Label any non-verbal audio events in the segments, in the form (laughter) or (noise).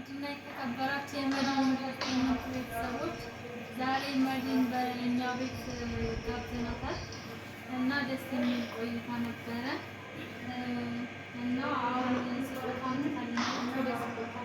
ውድና የተከበራችሁ የመዳን ምርት ቤተሰቦች ዛሬ መድን በእኛ ቤት ጋብዘናታል እና ደስ የሚል ቆይታ ነበረ እና አሁን ስጦታን ወደ ስጦታ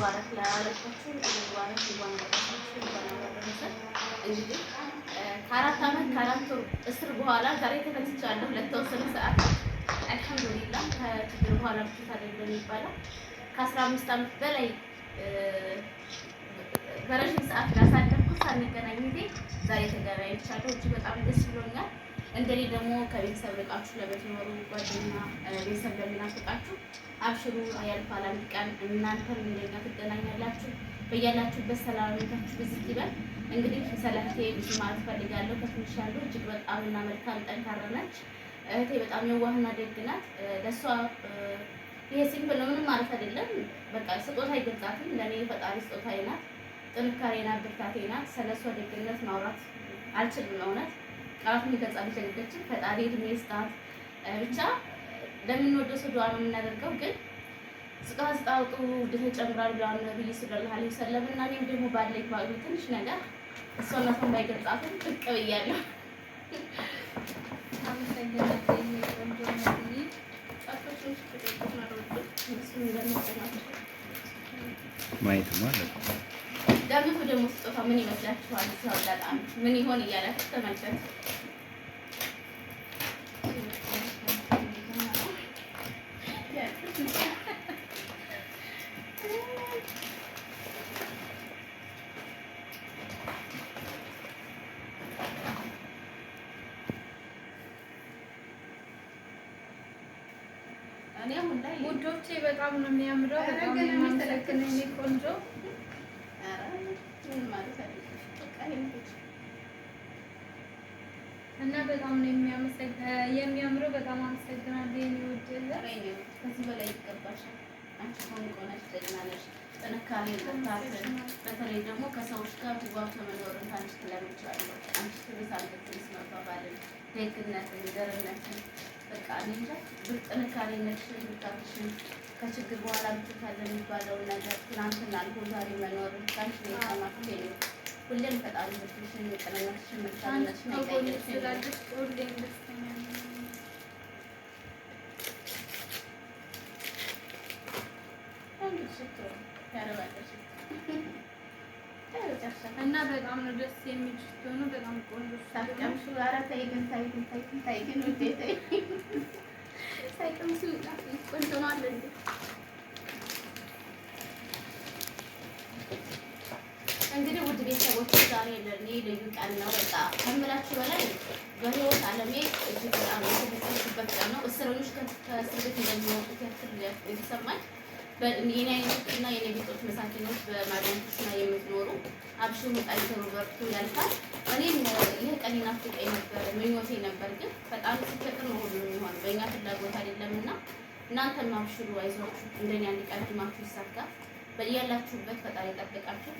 ባረክ ላረቻችሁ ሙባረክ እንኳን ደረሳችሁ እንግዲህ ከአራት ዓመት ከአራት ወር እስር በኋላ ዛሬ ተፈትቻለሁ ለተወሰኑ ሰዓት አልሐምዱሊላህ። ከችግር በኋላ ብቻ አይደለም የሚባለው ከአስራ አምስት ዓመት በላይ በረዥም ሰዓት ላሳለፍኩት ሳንገናኝ ጊዜ ዛሬ ተገናኝቻለሁ። እጅ በጣም ደስ ብሎኛል። እንደኔ ደግሞ ከቤተሰብ ርቃችሁ ለምትኖሩ ጓደኛ ቤተሰብ ለምናፍቃችሁ አብሽሩ፣ ያልፋል አንድ ቀን እናንተም እንደኛ ትገናኛላችሁ። በያላችሁበት ሰላም ቤታችሁ ብዝት ይበል። እንግዲህ ሰላቴ ብዙ ማለት ፈልጋለሁ ከትንሽ ያሉ እጅግ በጣም እና መልካም ጠንካራ ነች እህቴ። በጣም የዋህና ደግ ናት። ለእሷ ይሄ ሲምፕል ነው፣ ምንም ማለት አይደለም። በቃ ስጦታ አይገልጻትም። ለእኔ የፈጣሪ ስጦታዬ ናት፣ ጥንካሬ ናት፣ ብርታቴ ናት። ስለሷ ደግነት ማውራት አልችልም። እውነት ቃላት የሚገልጻ ልጅ አይደለችም። ፈጣሪ እድሜ ስጣት ብቻ ለምንወደው ሰው ዱዓ ነው የምናደርገው ግን ስጣስጣ ጥሩ ድህን ጨምራል ብለዋል ነብዩ ሰለላሁ ዐለይሂ ወሰለም። እና እኔም ደግሞ ባለኝ ባሉ ትንሽ ነገር እሷነቱን ባይገልጻትም ጥቅ ብያለሁ። ማየት ማለት ነው። ደግሞ ስጦታ ምን ይመስላችኋል? ምን ይሆን እያላችሁ ተመልከቱ። ውዶቼ በጣም ነው የሚያምረው። በጣም የሚያመሰግነኝ ቆንጆ እና በጣም ነው የሚያምረው። በጣም አመሰግናለሁ። የኔ ውድ ከዚህ በላይ ይገባሻል። አንቺ ሆን ቆነሽ ደግና ነሽ ጥንካሬ ብርታትን፣ በተለይ ደግሞ ከሰዎች ጋር ተጓብቶ መኖርን አንቺ ትለምጃለሁ። አንቺ ትብሳለትስ መባባልን፣ ደግነትን፣ ገርነትን በቃ እኔ እንጃ ጥንካሬነትሽን፣ ብርታትሽን ከችግር በኋላ ብትታለ የሚባለውን ነገር ትናንትና አልፎ ዛሬ መኖርን ከአንቺ ነው ሁሌም ፈጣሪ ብርትሽን፣ ቅንነትሽን፣ መልካምነትሽን አይቀይርሽም። የሚል ስትሆኑ በጣም ቆንጆ ሳትቀምሱ፣ ኧረ ተይ ግን ተይ ግን ተይ ግን ተይ ግን ውዴ ተይ ሳይቀምሱ ቆንጆ ነው አለ እንዴ! እንግዲህ ውድ ቤተሰቦች ዛሬ ለእኔ ልዩ ቀን ነው። በቃ ከምላችሁ በላይ በህይወት አለሜ እጅግ በጣም የተመሰልኩበት ቀን ነው። እስረኞች ከእስር ቤት እንደሚወጡት ያክል የተሰማኝ የኔ አይነትና የኔ ቢጦች መሳኪኖች በማዳንቶችና የምትኖሩ አብሽሩ ጣይ ተሩበርቱ ያልፋል። እኔም ይህ ቀን ናፍቀኝ ነበር ምኞቴ ነበር፣ ግን ፈጣን ሲፈጥር ነው ሁሉ የሚሆን በእኛ ፍላጎት አይደለምና እናንተም አብሽሩ አይዟችሁ፣ እንደኛ እንዲቀድማችሁ ይሳካ። በያላችሁበት ፈጣሪ ጠብቃችሁ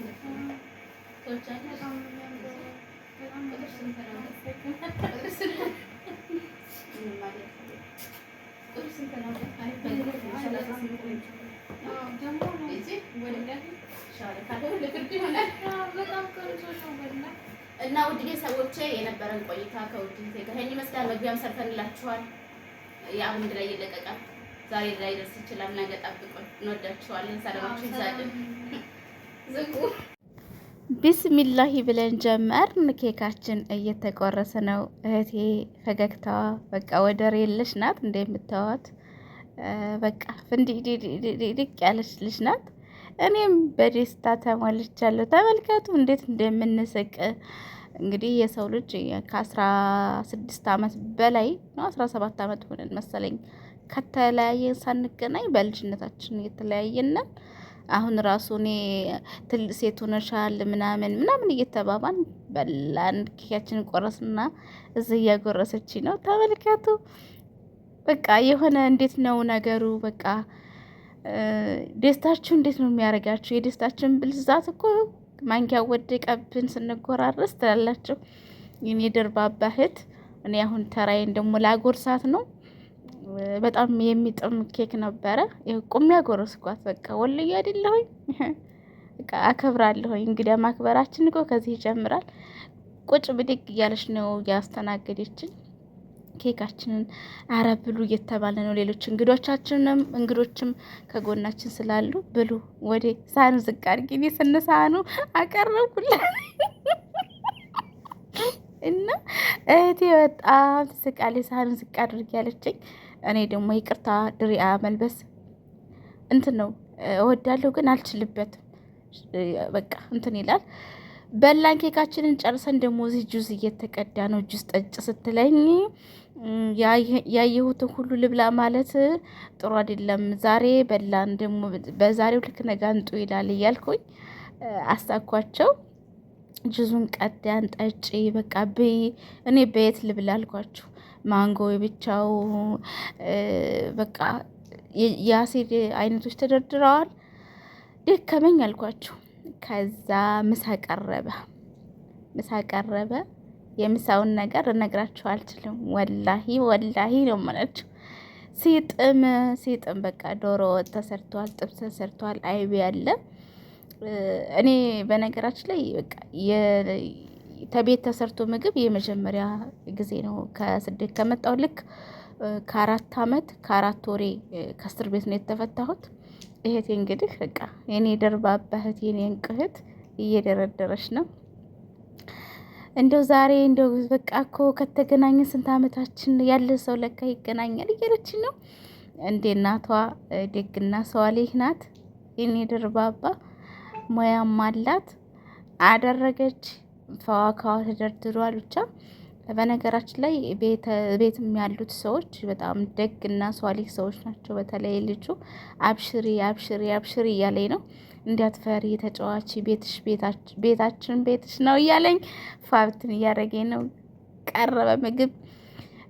ተወቻችሁ እና ውድ ቤተሰቦቼ የነበረን ቆይታ ከውድ ጋር ይህን ይመስላል። መግቢያም ሰርተንላችኋል። የአብንድ ላይ ይለቀቃል። ዛሬ ላይ ደርስ ይችላል። ነገ ጠብቁን። እንወዳችኋለን። ሰላማችሁ ይዛልን። ዝቁ ቢስሚላሂ ብለን ጀመርን። ኬካችን እየተቆረሰ ነው። እህቴ ፈገግታዋ በቃ ወደር የለሽ ናት። እንደምታዋት በቃ ፍንዲቅ ያለች ልጅ ናት። እኔም በደስታ ተሟልቻለሁ። ተመልከቱ እንዴት እንደምንስቅ። እንግዲህ የሰው ልጅ ከአስራ ስድስት አመት በላይ ነው አስራ ሰባት አመት ሆነን መሰለኝ ከተለያየን ሳንገናኝ በልጅነታችን የተለያየነን አሁን ራሱ እኔ ትልቅ ሴት ሆነሻል ምናምን ምናምን እየተባባን በላን ኬካችንን ቆረስና እዚህ እያጎረሰች ነው። ተመልከቱ በቃ የሆነ እንዴት ነው ነገሩ በቃ ደስታችሁ እንዴት ነው የሚያደርጋችሁ? የደስታችን ብልዛት እኮ ማንኪያ ወደቀብን ስንጎራረስ ትላላችሁ። የኔ ደርባባ አባህት እኔ አሁን ተራዬን ደግሞ ላጎርሳት ነው። በጣም የሚጥም ኬክ ነበረ። ቁሚ ያጎረስኳት። በቃ ወልዬ አይደለሁኝ (laughs) አከብራለሁኝ። እንግዲያ ማክበራችን እኮ ከዚህ ይጀምራል። ቁጭ ብድግ እያለች ነው ያስተናገደችኝ። ኬካችንን አረ ብሉ እየተባለ ነው። ሌሎች እንግዶቻችንም እንግዶችም ከጎናችን ስላሉ ብሉ ወደ ሳህኑ ዝቅ አድርጊ፣ እኔ ስነ ሳህኑ አቀረብኩላ እና እህቴ በጣም ትስቃለች። ሳህኑን ዝቅ አድርጊ ያለችኝ እኔ ደግሞ ይቅርታ ድሪያ መልበስ እንትን ነው እወዳለሁ፣ ግን አልችልበትም። በቃ እንትን ይላል በላን ኬካችንን ጨርሰን ደግሞ እዚህ ጁዝ እየተቀዳ ነው። ጁስ ጠጭ ስትለኝ ያየሁትን ሁሉ ልብላ ማለት ጥሩ አይደለም። ዛሬ በላን ደግሞ በዛሬው ልክ ነጋንጡ ይላል እያልኩኝ አሳኳቸው። ጁዙን ቀዳን፣ ጠጪ በቃ ብይ። እኔ በየት ልብላ አልኳችሁ። ማንጎ ብቻው በቃ የአሲድ አይነቶች ተደርድረዋል። ደከመኝ አልኳችሁ። ከዛ ምሳ ቀረበ። ምሳ ቀረበ። የምሳውን ነገር ልነግራችሁ አልችልም። ወላሂ ወላሂ ነው የምላችሁ። ሲጥም ሲጥም በቃ ዶሮ ወጥ ተሰርቷል፣ ጥብስ ተሰርቷል፣ አይብ ያለ እኔ በነገራችን ላይ በቃ ተቤት ተሰርቶ ምግብ የመጀመሪያ ጊዜ ነው ከስደት ከመጣው ልክ ከአራት አመት ከአራት ወሬ ከእስር ቤት ነው የተፈታሁት። እህቴ እንግዲህ በቃ የኔ ደርባባ እህት የኔ እንቅህት እየደረደረች ነው። እንደው ዛሬ እንደው በቃ እኮ ከተገናኘን ስንት ዓመታችን ያለ ሰው ለካ ይገናኛል እያለች ነው። እንደ እናቷ ደግና ሰዋሌህ ናት። የኔ ደርባባ ሙያም አላት። አደረገች ፈዋካዋ ተደርድሯል ብቻ በነገራችን ላይ ቤትም ያሉት ሰዎች በጣም ደግ እና ሷሊህ ሰዎች ናቸው። በተለይ ልጁ አብሽሪ አብሽሪ አብሽሪ እያለኝ ነው እንዲያትፈሪ ተጫዋች ቤትሽ ቤታችን ቤትሽ ነው እያለኝ ፋብትን እያደረገኝ ነው። ቀረበ ምግብ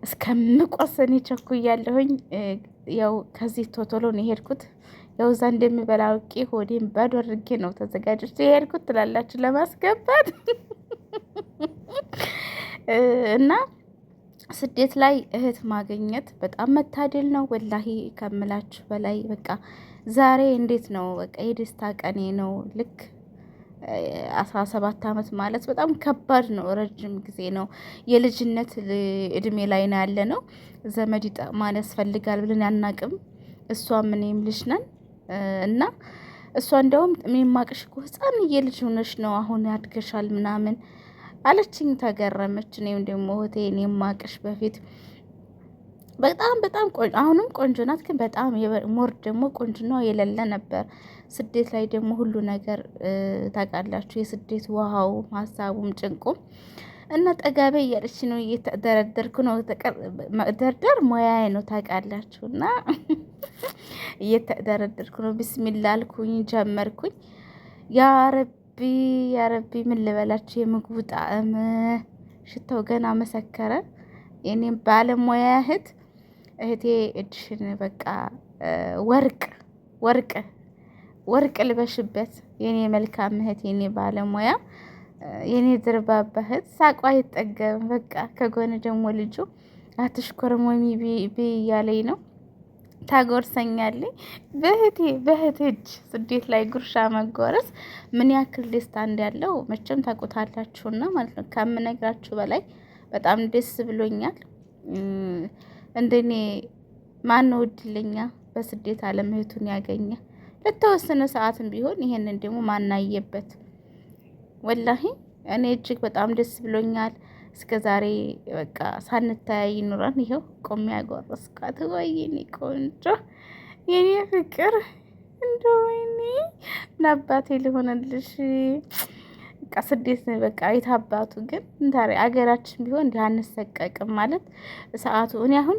እስከምቆሰን ቸኩ እያለሁኝ ያው ከዚህ ቶቶሎ ነው የሄድኩት። ያው እዛ እንደምበላ አውቄ ሆዴን ባዶ አድርጌ ነው ተዘጋጅቼ የሄድኩት ትላላችሁ ለማስገባት እና ስደት ላይ እህት ማግኘት በጣም መታደል ነው። ወላሂ ከምላችሁ በላይ በቃ ዛሬ እንዴት ነው በቃ የደስታ ቀኔ ነው። ልክ አስራ ሰባት አመት ማለት በጣም ከባድ ነው። ረጅም ጊዜ ነው። የልጅነት እድሜ ላይ ነው ያለ ነው። ዘመድ ይጠቅማን ያስፈልጋል ብለን አናቅም። እሷም እኔም ልጅ ነን እና እሷ እንደውም የማቅሽ እኮ ህፃን ልጅ ሆነሽ ነው አሁን ያድገሻል ምናምን አለችኝ። ተገረመች። እኔም ደግሞ እህቴን የማቅሽ በፊት በጣም በጣም ቆንጆ አሁንም ቆንጆ ናት፣ ግን በጣም ሞር ደግሞ ቆንጆና የሌለ ነበር። ስደት ላይ ደግሞ ሁሉ ነገር ታውቃላችሁ፣ የስደት ውሃውም ሀሳቡም ጭንቁም እና ጠጋበ እያለች ነው እየተደረደርኩ ነው። መደርደር ሙያዬ ነው ታውቃላችሁ። እና (laughs) እየተደረደርኩ ነው። ቢስሚላ አልኩኝ ጀመርኩኝ። ያ ረቢ ያረቢ ያረቢ ምን ልበላችሁ፣ የምግቡ ጣዕም ሽታው ገና መሰከረ። የኔም ባለሙያ እህት እህቴ እድሽን በቃ ወርቅ ወርቅ ወርቅ ልበሽበት የኔ መልካም እህት፣ የኔ ባለሙያ፣ የኔ ድርባባ እህት፣ ሳቋ አይጠገብም። በቃ ከጎን ደግሞ ልጁ አትሽኮርሞሚ ብዬ እያለኝ ነው። ታጎርሰኛለች። በእህቴ በእህቴ እጅ ስደት ላይ ጉርሻ መጎረስ ምን ያክል ደስታ እንዳለው መቼም ታቆታላችሁና ማለት ነው። ከምነግራችሁ በላይ በጣም ደስ ብሎኛል። እንደኔ ማን ወድልኛ በስደት ዓለም እህቱን ያገኘ ለተወሰነ ሰዓትም ቢሆን ይሄንን ደግሞ ማናየበት ወላሂ እኔ እጅግ በጣም ደስ ብሎኛል። እስከ ዛሬ በቃ ሳንተያይ ኑረን ይኸው ቆሜ ያጎረስኳት። ወይኔ ቆንጆ የኔ ፍቅር እንደ ወይኔ ለአባቴ ሊሆንልሽ በቃ ስደት በቃ የት አባቱ ግን እንታሪ አገራችን ቢሆን እንዲህ አንሰቀቅም። ማለት ሰዓቱ እኔ አሁን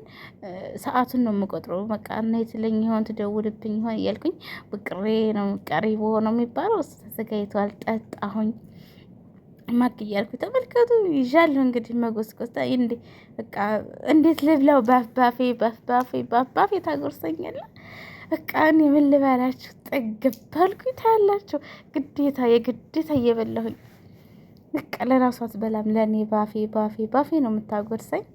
ሰዓቱን ነው የምቆጥረው። በቃ እና የትለኝ ይሆን ትደውልብኝ ይሆን እያልኩኝ ብቅሬ ነው ቀሪ በሆነው የሚባለው ተዘጋጅቷል። ጠጣሁኝ ማክ እያልኩ ተመልከቱ ይዣለሁ። እንግዲህ መጎስቆስታ እንዴ በቃ እንዴት ልብላው? ባፌ ባፍ ባፌ ታጎርሰኛለ። በቃ እኔ ምን ልበላችሁ? ጠግብ ታያላችሁ። ግዴታ የግዴታ እየበላሁኝ በቃ ለራሱ አትበላም። ለእኔ ባፌ ባፌ ባፌ ነው የምታጎርሰኝ።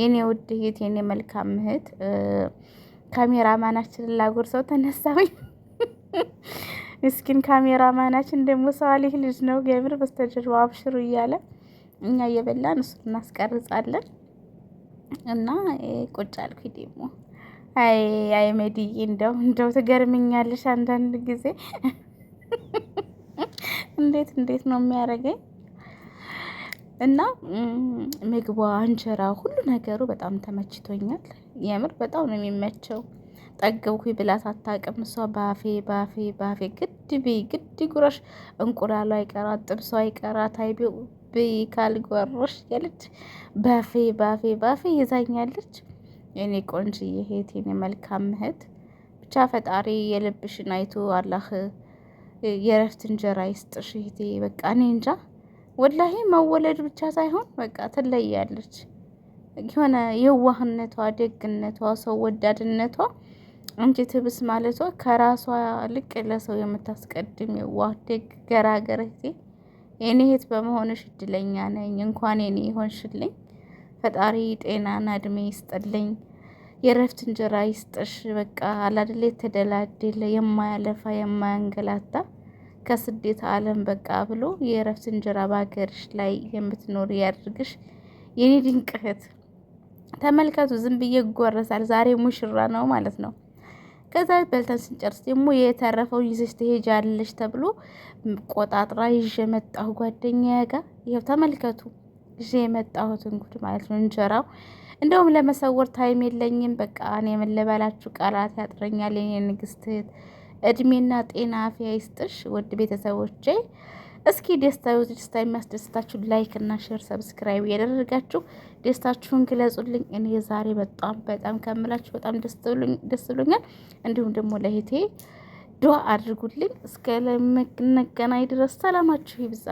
የኔ ውድ እህት፣ የኔ መልካም እህት ካሜራማናችንን ላጎርሰው ተነሳሁኝ። ምስኪን ካሜራ ማናችን ደግሞ ሰዋሊህ ልጅ ነው ገብር በስተጀርባ አብሽሩ እያለ እኛ እየበላን እሱ እናስቀርጻለን። እና ቁጭ አልኩኝ ደግሞ አይ አይ መድዬ እንደው እንደው ትገርምኛለሽ አንዳንድ ጊዜ (laughs) እንዴት እንዴት ነው የሚያደርገኝ እና ምግቧ፣ እንጀራ፣ ሁሉ ነገሩ በጣም ተመችቶኛል። የምር በጣም ነው የሚመቸው። ጠገብኩ ብላት አታውቅም። እሷ ባፌ ባፌ ባፌ ግድ ብይ ግድ ጉረሽ፣ እንቁላሉ አይቀራት፣ ጥብሶ አይቀራት፣ አይቤ ብ ካልጓሮሽ ያለች ባፌ ባፌ ባፌ ይዛኛለች። እኔ ቆንጅዬ እህት፣ የኔ መልካም እህት፣ ብቻ ፈጣሪ የልብሽን አይቶ አላህ የረፍት እንጀራ ይስጥሽ ሄቴ። በቃ እኔ እንጃ ወላሂ መወለድ ብቻ ሳይሆን በቃ ትለያለች። የሆነ የዋህነቷ፣ ደግነቷ፣ ሰው ወዳድነቷ እንጂ ትብስ ማለቷ ከራሷ ልቅ ለሰው የምታስቀድም የዋህ ደግ ገራገር እህቴ የኔ እህት በመሆንሽ እድለኛ ነኝ። እንኳን የኔ ይሆንሽልኝ። ፈጣሪ ጤናና እድሜ ይስጥልኝ፣ የእረፍት እንጀራ ይስጥሽ። በቃ አላደለ የተደላደለ የማያለፋ የማያንገላታ ከስደት ዓለም በቃ ብሎ የረፍት እንጀራ በሀገርሽ ላይ የምትኖር ያድርግሽ የኔ ድንቅ እህት። ተመልከቱ፣ ዝም ብዬ ይጎረሳል። ዛሬ ሙሽራ ነው ማለት ነው። ከዛ በልተን ስንጨርስ ደግሞ የተረፈው ይዘሽ ትሄጃለሽ ተብሎ ቆጣጥራ ይዤ መጣሁ ጓደኛዬ ጋር። ይኸው ተመልከቱ ይዤ የመጣሁትን ጉድ ማለት ነው። እንጀራው እንደውም ለመሰወር ታይም የለኝም። በቃ እኔ ምን ቃላት ያጥረኛል። የኔ ንግስት እድሜና ጤና አፍያ ይስጥሽ። ውድ ቤተሰቦቼ እስኪ ደስታ ደስታ የሚያስደስታችሁ ላይክ እና ሼር ሰብስክራይብ ያደረጋችሁ ደስታችሁን ግለጹልኝ። እኔ ዛሬ በጣም በጣም ከምላችሁ በጣም ደስ ብሎኛል። እንዲሁም ደግሞ ለህቴ ዱአ አድርጉልኝ። እስከ ለመገናኝ ድረስ ሰላማችሁ ይብዛ።